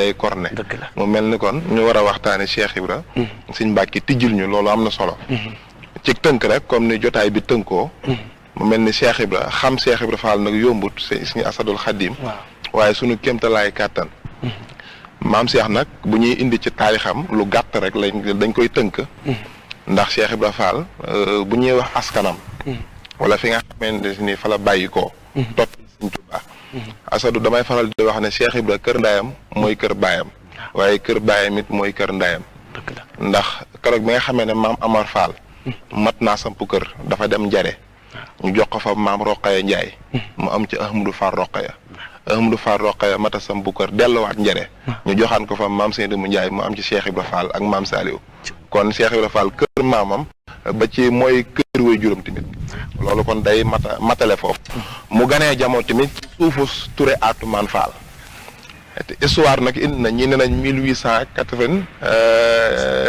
day corne mu mel ni kon ñu war a waxtaane Cheikh Ibra hmm. Sëñ Mbàkke tijjil ñu loolu am na solo hmm. ci tënk rek comme ni jotaay bi tënkoo hmm. mu mel ni Cheikh Ibra xam Cheikh Ibra Fall nag yombut Sëñ Asadul Xadim waaye sunu kéemtalaay kàttan maam seex nag bu ñuy indi ci taarixam lu gàtt rek lañ dañ koy tënk ndax Cheikh Ibra Fall euh, bu ñuy wax askanam wala fi nga xamante ni fa la bàyyi Asadu damay faral di wax ne Cheikh Ibra kër ndaayam mooy kër baayam waaye kër baayam it mooy kër ndaayam ndax keroog bi nga xamee ne maam Amar Fall mat naa samp kër dafa dem jare ñu jox ko fa maam Roqaya Njaay mu am ci Ahmadou Fall Roqaya Ahmadou Fall Roqaya mat a samp kër delluwaat njare ñu joxaan ko fa maam Seydou Njaay mu am ci Cheikh Ibra Fall ak maam Saliou kon Cheikh Ibra Fall kër maamam ba ci mooy kër way juróom tamit loolu kon day mata matale foofu mu ganee jamono tamit suufu Touré Atoumane Fall te histoire nag indi na ñi ne nañ mille huit cent quatre vingt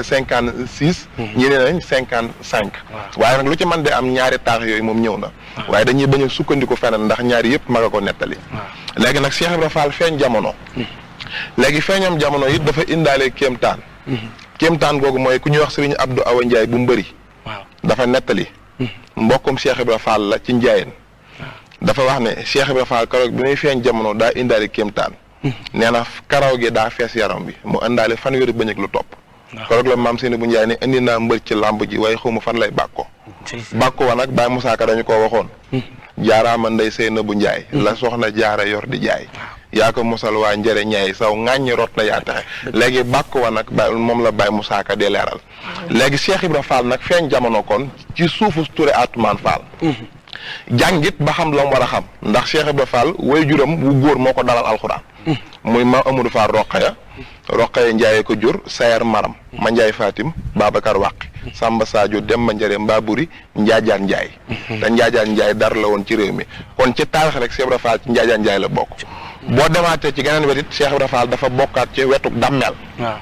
cinquante six mhm. ñi ne nañ cinquante cinq waaye nag lu ci mën de am ñaari taax yooyu moom ñëw na waaye dañuy bañ a sukkandiku feneen ndax ñaari yëpp mag a ko nettali léegi nag Cheikh Ibra Fall feeñ jamono hmm. léegi feeñam jamono it dafa indaale kéemtaan hmm. kéemtaan googu mooy ku ñuy wax Serigne Abdou Awa Ndiaye bu mbëri dafa nettali mbokkum Cheikh bi Fall la ci njaayeen dafa wax ne Cheikh Ibra Fall karoog bi nuy feeñ jamono daa indaale kéemtaan nee na karaw gi daa fees yaram bi mu indaale fan bëñ ak lu topp karoog la maam seeni bu njaay ne indi na mbër ci làmb ji waaye xaw ma fan lay bàkko bàkko wa nag Baay Musaa Ka dañu ko waxoon hmm. jaaraama ndey sëy na bu njaay hmm. la soxna jaara yor di jaay yaa ko mosal waa njëre ñaay saw ŋàññi rot na yaa taxe léegi bàkk wa nag ba moom la Baye Moussa Ka di leeral mm-hmm. léegi Cheikh Ibra Fall nag feeñ jamono kon ci suufu ture Atoumane Fall mm-hmm. jàngit ba xam la mu war xam ndax Cheikh Ibra Fall way juram wu góor moo ko dalal alxuraan mm-hmm. muy ma Amadou Fall Roqaya Roqaya Njaay ko jur Sayar Maram ma Njaay Fatim Babacar Wàqi Samba Sadio Demba Njare Mbaaburi Njaajaan Njaay te Njaajaan Njaay dar la woon ci réew mi kon ci taarix rek Cheikh Ibra ci Njaajaan la bokk boo demaatee ci geneen wetit Cheikh Ibra Fall dafa bokkaat ci wetu dammel waaw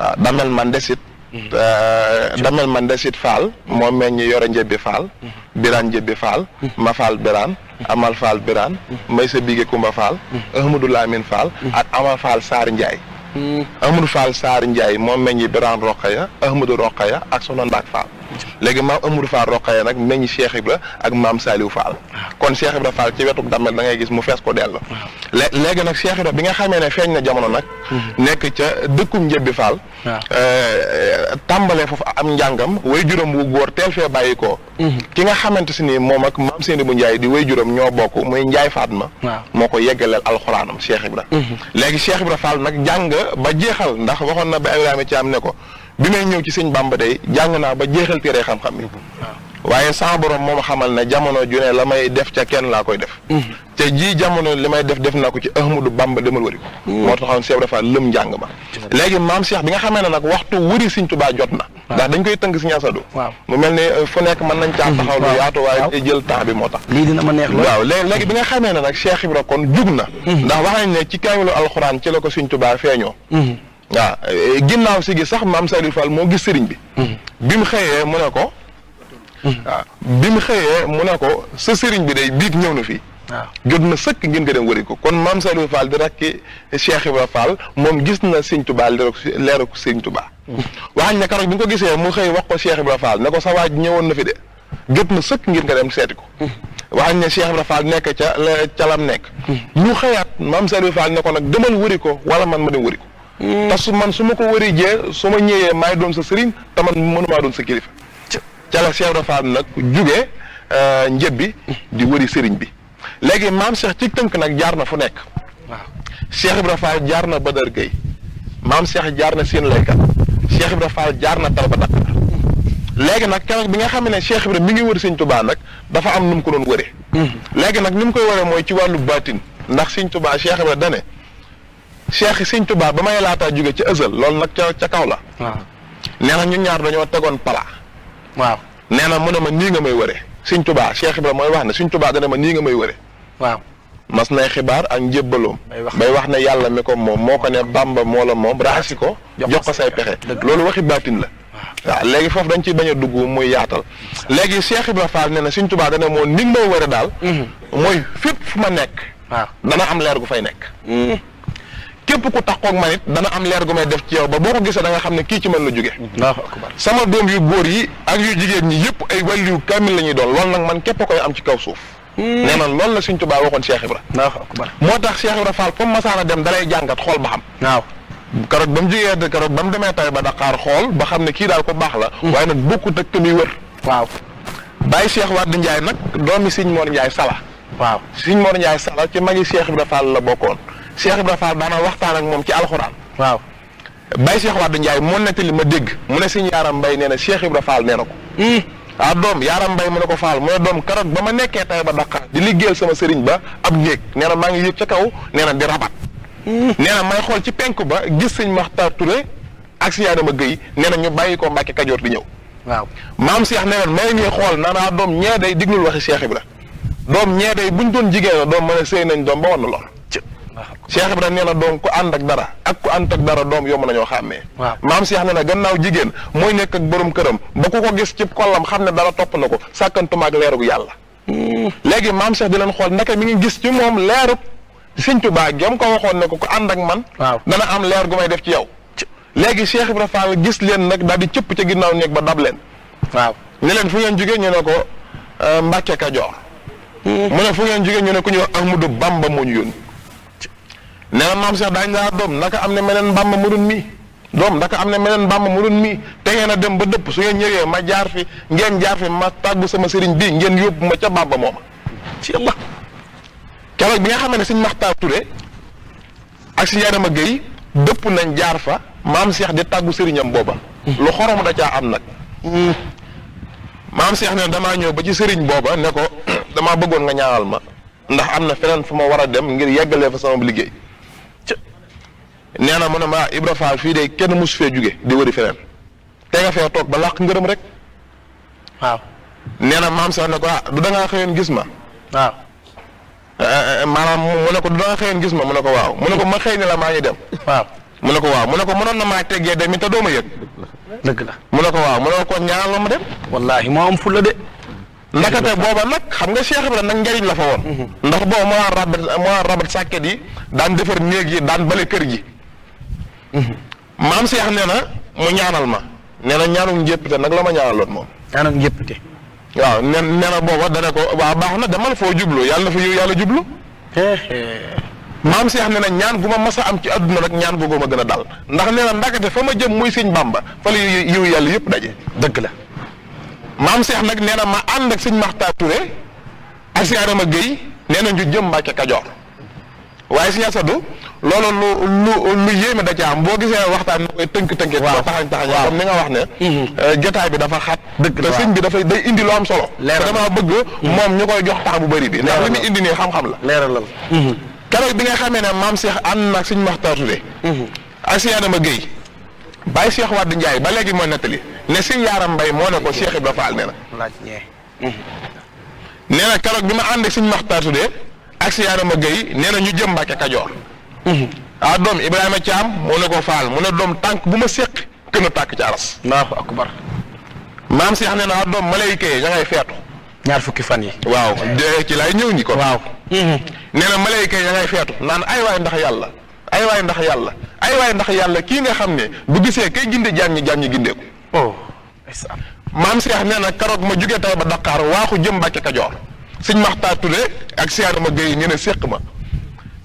ah, dammel man desit man mm-hmm. euh, desit Fall mm-hmm. moom meñ ñi yore njëbbi Fall mm-hmm. Biraan njëbbi Fall ma Fall Biraan Amal Fall Biraan may sa bige Kumba Fall Ahmadou Lamine Fall ak Amal Fall Saar Ndiaye Amadou Fall Saar Ndiaye moom meñ ñi Biraan Rokhaya Ahmadou Rokhaya ak Soxna Ndaak Fall léegi maam Amadou Fall Roqaye nag meññ Cheikh Ibra ak maam Saliou Fall kon Cheikh Ibra Fall ci wetuk dammel da ngay gis mu fees ko dell lé léegi nag Cheikh Ibra bi nga xamee ne feeñ na jamono nag mhm. nekk ca dëkkum njëbbi faal euh, tàmbalee fa am njàngam way juróom wu góor teel fee bàyyi ko mhm. ki nga xamante si ni moom ak maam Seeni bu Njaay di way juróom ñoo bokk muy Njaay ma moo ko yeggaleel alxuraanam Cheikh Ibra mhm. léegi Cheikh Ibra nag jàng ba jeexal ndax waxoon na ba Ibrahima ko bi may ñëw ci sëñ Bàmba day jàng naa ba jeexal téere xam-xam yi ah. waaye sama borom moom xamal ne jamono ju ne la may def ca kenn laa koy def mm-hmm. te jii jamono li may def def naa ko ci Ahmadu Bàmba demal wëri ko mm-hmm. moo taxoon Cheikh dafa lëm njàng ma mm-hmm. léegi maam Cheikh bi nga xamee nag waxtu wëri Sëñ Tuubaa jot na ah. ndax dañ koy tënk Sëñ Asadu mu mel ne euh, fu nekk mën nañ caa taxaw lu yaatu waaye jël temps bi moo tax lii dina ma neex bi nga xamee ne nag Cheikh Ibra kon jug na ndax wax nañ ne ci kaamilu alxuraan ci la ko Sëñ Tuubaa feeñoo waaw ginnaaw si gi sax maam Saliou Fall moo gis sëriñ bi. Mm-hmm. bi mu xëyee mu ne ko. Mm-hmm. waaw bi mu xëyee mu ne ko sa sëriñ bi day biit ñëw na fii. waaw na sëkk ngeen ko dem wëri ko kon maam Saliou Fall di rakki Cheikh moom gis na Sëriñ Tuubaa leeru leeru Sëriñ Tuubaa. Mm-hmm. waañ ne keroog bi nga ko gisee mu xëy wax ko Cheikh Ibra Fall ne ko sa ñëwoon na fi de jot na sëkk ngeen ko dem seeti ko. waañ ne Cheikh Ibra Fall nekk ca la nekk. ñu xëyaat maam yu Fall ne ko nag demal wëri ko wala man ma dem wëri ko. Mm. parce que man su ma ko waree jee su ma ñëwee maay doon sa sëriñ te man mënumaa doon sa kilifa. ca la Cheikh Rafaal nag jugee euh, njëb bi di wëri sëriñ bi léegi maam Cheikh ci tënk nag jaar na fu nekk. waaw bi Ibra Fall jaar na Badar Gueye maam seex jaar na seen Sine Laykat bi Ibra Fall jaar na Tarba Dakar léegi nag keroog bi nga xam ne bi Ibra mi ngi wër Sëñ Tuubaa nag dafa am nu mu ko doon wëree. Mm-hmm. léegi nag ni mu koy wëree mooy ci wàllu baatin ndax Sëñ Tuubaa Cheikh Ibra dane Cheikh Sëñ Tuubaa ba may laataa jóge ci ësël loolu nag ca ca kaw la. waaw ñu ñaar dañoo tegoon pala. waaw nee na mu ne ma nii nga may wëre Sëñ Tuubaa Cheikh Ibrahima mooy wax ne Sëñ Tuubaa dana ma nii nga may wëre. waaw mas nay xibaar ak njébbaloom. bay wax ne yàlla mi ko moom moo ko ne bàmba moo la moom ko. jox ko say pexe loolu waxi baatin la. léegi foofu dañ ciy bañ a dugg muy yaatal léegi Cheikh Ibrahima Fall nee na Sëñ Tuubaa dana moo ni nga may wëre daal. Mhm. mooy fépp fu ma nekk. waaw dana am leer gu fay nekk. Mhm. képp ku taxoog man it dana am leer gu may def ci yow ba boo ko gisee da nga xam ne kii ci man la jóge sama doom yu góor yi ak yu jigéen ñi yëpp ay wàllu kaamil la ñuy doon lool nag man képp koy am ci kaw suuf hmm. nee na loolu la Sëñ Tuubaa waxoon Cheikh Ibra moo tax Cheikh Ibra Fall comme masaana dem dalay jàngat xool ba xam waaw karoog ba mu jógee karoog ba mu demee tay ba Dakar xool ba xam ne kii daal ko baax la hmm. waaye nag bokkut ak muy wër waaw bàyyi Cheikh Wade Ndiaye nag doomi Sëñ Mor Ndiaye Sala waaw Sëñ Mor Ndiaye Sala ci magi Cheikh Ibra Fall la bokkoon Cheikh Ibrahima Fall daana waxtaan ak moom ci alxuraan. waaw Baye Cheikh Wade Ndiaye moo nettali ma dégg mu ne suñu yaaram mbay nee na Cheikh Ibrahima Fall nee ko. Hmm. ah doom yaaram mbay mu ne ko Fall mu ne doom ba ma nekkee tay ba Dakar di liggéeyal sama sëriñ ba ab néeg maa ngi ca kaw nee na di hmm. may xool ci penk ba gis sañ Maxtaar Touré ak si yaadama Guèye nee na ñu bàyyi ko Mbàkke Kajoor di ñëw. waaw maam Cheikh nee na may ñuy xool naa naa doom ñee day diglul waxi Cheikh Ibra doom ñee day buñ doon jigéen la doom ma a sëy nañ doom ba na lool Cheikh Ibrahima nee na doom ku ànd ak dara ak ku ànd ak dara doom yomb nañoo xàmmee. waaw maam seex nee na gannaaw jigéen mooy nekk ak borom këram ba ku ko gis ci kollam xam ne dara topp na ko sàkkantuma ak leerug yàlla. léegi maam Cheikh di leen xool naka mi ngi gis ci moom leerug Sëñ Tuubaa gam ko waxoon ne ko ku ànd ak man. waaw dana am leer gu may def ci yow. léegi Cheikh Ibrahima Fall gis leen nag daal di cëpp ca ginnaaw néeg ba dab leen. waaw ne leen fu ngeen jógee ñu ne ko euh, Mbàkke Kajoor. Hmm. fu ngeen jógee ñu ne ku ñu wax Ahmadu Bamba moo ñu nee na maam Cheikh daañu laa doom naka am na meneen mbàmba mu dun mii doom naka am na meneen mbàmba mu dun mii te ngeen a dem ba dëpp su ngeen ñëwee ma jaar fi ngeen jaar fi ma tàggu sama sëriñ bii ngeen yóbbu ma ca bàmba mooma ci Allah keroog bi nga xam ne sëñ Maxtaar Touré ak si Adama Gueye dëpp nañ jaar fa maam seex di tàggu sëriñam booba hmm. lu xorom da caa am nag hmm. maam Cheikh ne damaa ñëw ba ci sëriñ booba ne ko damaa bëggoon nga ñaanal ma ndax am na feneen fu ma war a dem ngir yeggalee fa sama liggéey nee na mu ma ah, Ibra Fall fii de kenn mosu fee jóge di wëri feneen te nga fee toog ba làq ngërëm rek waaw nee na maam sax ne ko ah du da ngaa gis ma waaw eh, eh, eh, maanaam mu ne ko du da gis ma mu ko waaw mu ne ko ma xëy ne la maa ngi dem waaw mu ne ko waaw mu ne ko mënoon na maa teggee dem it te doo ma yëg dëgg la mu ne ko waaw mu ne ko ñaanal ma dem wallaahi moo am fulla de ndakate booba nag xam nga Cheikh Ibrahima nag njariñ la fa woon mhm. ndax booba moo rabat moo rabat sàkket yi daan defar néeg yi kër gi maam Cheikh nee na mu ñaanal ma nee na ñaanum njéppite nag la ma ñaanaloon moom. ñaanum njéppite. waaw nee nee na booba dana ko waa baax na demal foo jublu yàlla na fa yow yàlla jublu. maam Cheikh nee na ñaan gu ma mës am ci àdduna rek ñaan googu ma gën a dal ndax nee na ndakate ma jëm muy sëñ Bamba fa yàlla yëpp daje. dëgg la maam Cheikh nag nee na ma ànd ak sëñ Maxtaar Touré ak si Adama Guèye nee na ñu jëm Mbàkke Kajoor waaye si asadu loolu lu lu lu yéeme da am boo gisee waxtaan na koy tënk-tënk waaw taxañ taxañ comme ni nga wax ne mhm. euh, jotaay bi dafa xat dëkk te sëñ bi dafay day indi lu am solo te dama bëgg mhm. moom ñu koy jox temps bu bëri bi ndax li muy indi nii xam-xam la leeralal mhm. bi ngay xamee ne maam seex ànd nag suñ Makhtar Touré ak si Adama Guèye bàyyi Cheikh Wade Ndiaye ba léegi mooy nettali ne si yaaram mbay moo ne ko Cheikh Ibra Fall nee na nee na keroog bi ma ànd ak suñ Makhtar ak si Adama Gueye nee na ñu jëm Mbàkke Kajoor ah doom Ibrahima Thiam moo ne ko faal mu ne doom tànk bu ma séq gën a tàkk ci aras allahu akbar maam si xam ne na doom malayka yi ña ngay feetu ñaar fukki fan yi waaw de ci lay ko waaw mhm. nee na malayka yi ña feetu naan ay waay ndax yàlla ay waay ndax yàlla ay waay ndax yàlla kii nga xam ne bu gisee kay ginde jaam ñi jaam ñi oh, maam si xam ne na karoog ma jógee tay ba Dakar waaxu jëm Mbàkke Kajoor sëñ Maxtaar Touré ak siyaar ma Gueye ñu ne séq ma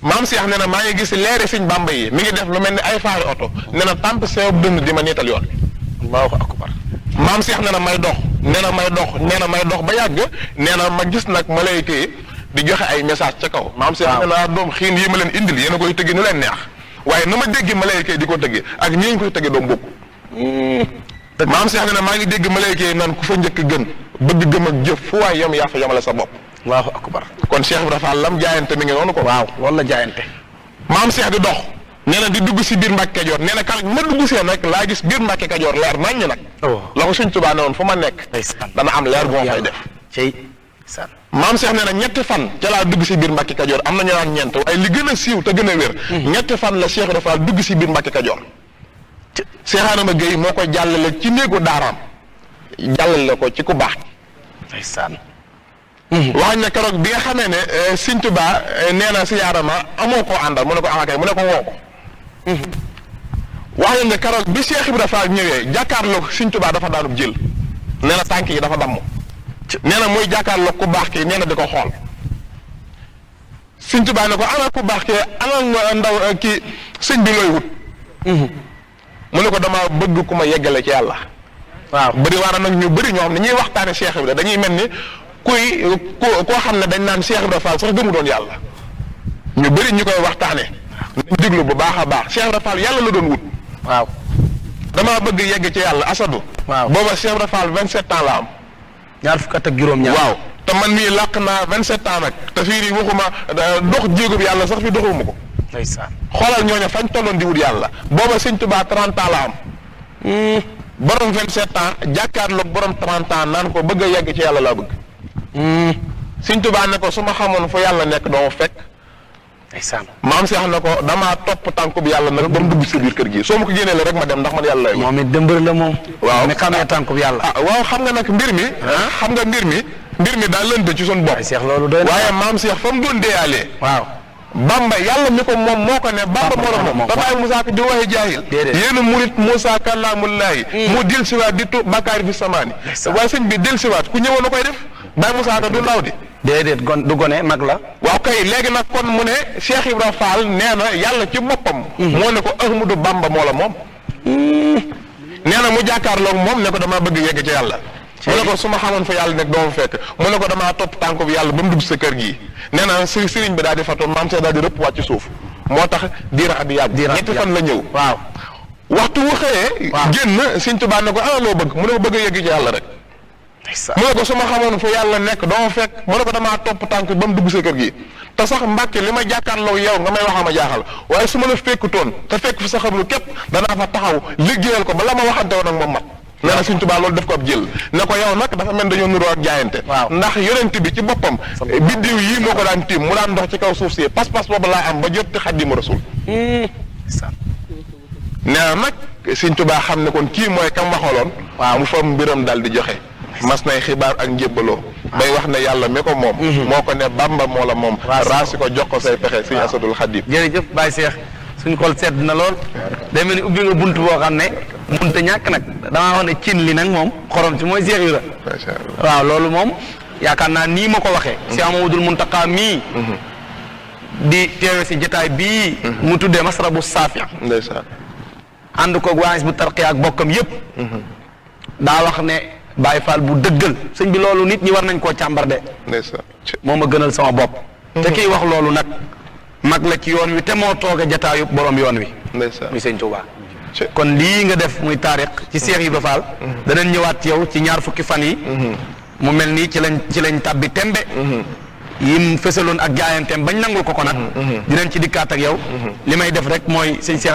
maam Cheikh nee na maa ngi gis leeri sëñ Bàmba yi mi ngi def lu mel ni ay faari oto nee na tàmp seewub dënd di ma niital yoon bi maa ko akbar maam Cheikh nee na may dox nee na may dox nee na may dox ba yàgg nee ma gis nag ma malayka yi di joxe ay message ca kaw maam Cheikh nee na doom xiin yi ma leen indil yéen a koy tëggi nu leen neex waaye na ma dégg malayka yi di ko tëggi ak ñi ñu koy tëggi doom bokku hmm. maam Cheikh nee na maa ngi dégg malayka yi naan ku fa njëkk gën bëgg gëm ak jëf fu waay yam sa bopp allahu akbar kon Cheikh Ibrahima Fall lam jaayante mi ngi noonu ko waaw loolu la jaayante maam Cheikh di dox nee na di dugg si biir Mbàkke Kajoor nee na kar ma dugg seen rek laa gis biir Mbàkke Kajoor leer naññ nag oh. la ko Sëñ Tuubaa ne woon fu ma nekk dana am leer bu ma fay def maam Cheikh nee nag ñetti fan ca laa dugg si biir Mbàkke Kajoor am na ñu naan ñeent waaye li gën a siiw te gën a wér mm-hmm. ñetti fan la seex Ibrahima Fall dugg si biir Mbàkke Kajoor Cheikh Adama Gueye moo ko jàllale ci néegu daaraam jàllale ko ci ku baax Mhm. wax na keroog bi nga xamee ne euh, Sëñ Tuubaa euh, nee na si yaarama amoo koo àndal mu ne ko amakay ah, mu ne ko woo ko. Mhm. wax na ne keroog bi Cheikh Ibrahima Fall ñëwee jàkkaarloog Sëñ Tuubaa dafa daanub jël nee na tànk yi dafa damm. nee na muy jàkkaarloog ku baax kii nee na di ko xool. Sëñ Tuubaa ne ko ana ku baax kii ana ndaw euh, kii sëñ bi looy wut. Mhm. mu ne ko dama bëgg ku ma yeggale ci yàlla. waaw bëri waana nag ñu bëri ñoo xam ne ñuy waxtaane Cheikh Ibrahima dañuy mel ni. kuy koo koo xam ne dañ naan Cheikh Ibrahima Fall sax gëmu doon yàlla ñu bëri ñu koy waxtaane nañ bu baax a baax Cheikh Ibrahima Fall yàlla la doon wut. waaw damaa bëgg yegg ci yàlla asadu. waaw booba Cheikh Ibrahima Fall 27 ans la am. ñaar fukk at ak juróom-ñaar waaw te man mii làq naa 27 ans nag te fii nii waxuma dox jéegub yàlla sax fi doxuma ko. ndeysaan xoolal ñoo fañ tolloon di wut yàlla booba Sëñ Tuubaa 30 ans la am. Hmm. borom 27 ans jàkkaarloog borom 30 ans naan ko bëgg yegg ci yàlla laa bëgg. Hmm. Sëñ Tuubaa ne ko su ma xamoon fu yàlla nekk doo fekk. ndeysaan maam Cheikh ne ko dama topp tànk bi yàlla na ba mu dugg si biir kër gi soo ma ko génnee la rek ma dem ndax man yàlla lay. moom it dëmbër la moom. waaw yàlla. ah waaw xam nga nag mbir mi. Ah. Ah, xam nga mbir mi. mbir mi daal lënd ci suñu bopp. waaye Cheikh loolu doy na waaye maam Cheikh fa mu doon deeyaalee. waaw Bamba yàlla moom moo ko ne. Bamba moo la moom ba bàyyi Moussa di waxee jaahil. déedéet a murit Moussa kàllaamullaahi. Hmm. mu dellusiwaat di tu bi samaani. waaye sëñ bi dellusiwaat ku ñëwoon na koy def Baye Moussa Ka du ndaw di. déedéet gon du gone mag la. waaw kay léegi nag kon mu ne Cheikh Ibra Fall nee na yàlla ci boppam. Mhm. moo ne ko Ahmadou Bamba moo la moom. Mhm. nee na mu jàkkaarloog moom ne ko damaa bëgg yegg ci yàlla. mu ne ko su ma xamoon fa yàlla nekk doo ma fekk mu ne ko dama topp tànk bi yàlla ba mu dugg sa kër gii neena naa si sëriñ bi daal di fatoon maam see daal di rëpp wàcc suuf moo tax diira ab yàgg. diira ñetti fan la ñëw. waaw waxtu wu xëyee. waaw génn Sëriñ ko ah bëgg mu ne ko bëgg ci yàlla rek mu ne ko su ma xamoon fa yàlla nekk doo fekk mu ne ko damaa topp tànk ba mu dugg sa kër gi te sax mbàkke li ma jàkkaarloo yow nga may wax a jaaxal waaye su ma la fekkutoon te fekk fi sa xam lu képp danaa fa taxaw liggéeyal ko ba la ma waxante woon ak moom mat nee na Sëriñ Tuubaa loolu def ko ab jël ne ko yow nag dafa mel dañoo nuroo ak jaayante ndax yonent bi ci boppam biddiw yii moo ko daan mu daan dox ci kaw suuf si pas-pas boobu laa am ba jot ci Xaadimu Rasuul hmm. nee nag Sëriñ Tuubaa xam ne kon kii mooy kam waxaloon waaw mu fam mbiram daal di joxe mas nay xibaar ak njébbaloo bay wax ne yàlla mi ko moom mhm. moo ko ne bamba moo la moom raasi ko jox ko say pexe suñu asadul xadim jërëjëf Baye Cheikh suñ xol sedd na lool day mel ni ubbi nga bunt boo xam ne munta ñàkk nag damaa wax ne cin li nag moom xorom si mooy Cheikh la waaw loolu moom yaakaar naa nii ma ko waxee si mhm. Amadul Muntaqa mii mhm. di teewe si jotaay bii mu tuddee masrabu saafia ànd ko waagis bu tarqiya ak bokkam yépp daa wax ne Baye Fall bu dëggal sëñ bi loolu nit ñi war nañ koo càmbar de. ndeysaan moo ma gënal sama bopp. te kiy wax loolu nag mag la ci yoon wi te moo tooge jataayu borom yoon wi. ndeysaan muy sëñ Touba. kon lii nga def muy taarix ci Cheikh Ibra Fall. Mhm. danañ ñëwaat ci yow ci ñaar fukki fan yi. Mhm. mu mel nii ci lañ ci lañ tàbbi tembe. Mhm. yim fësaloon ak jaayanteem bañ nangul ko ko nag. dinañ ci dikkaat ak yow. li may def rek mooy sëñ Cheikh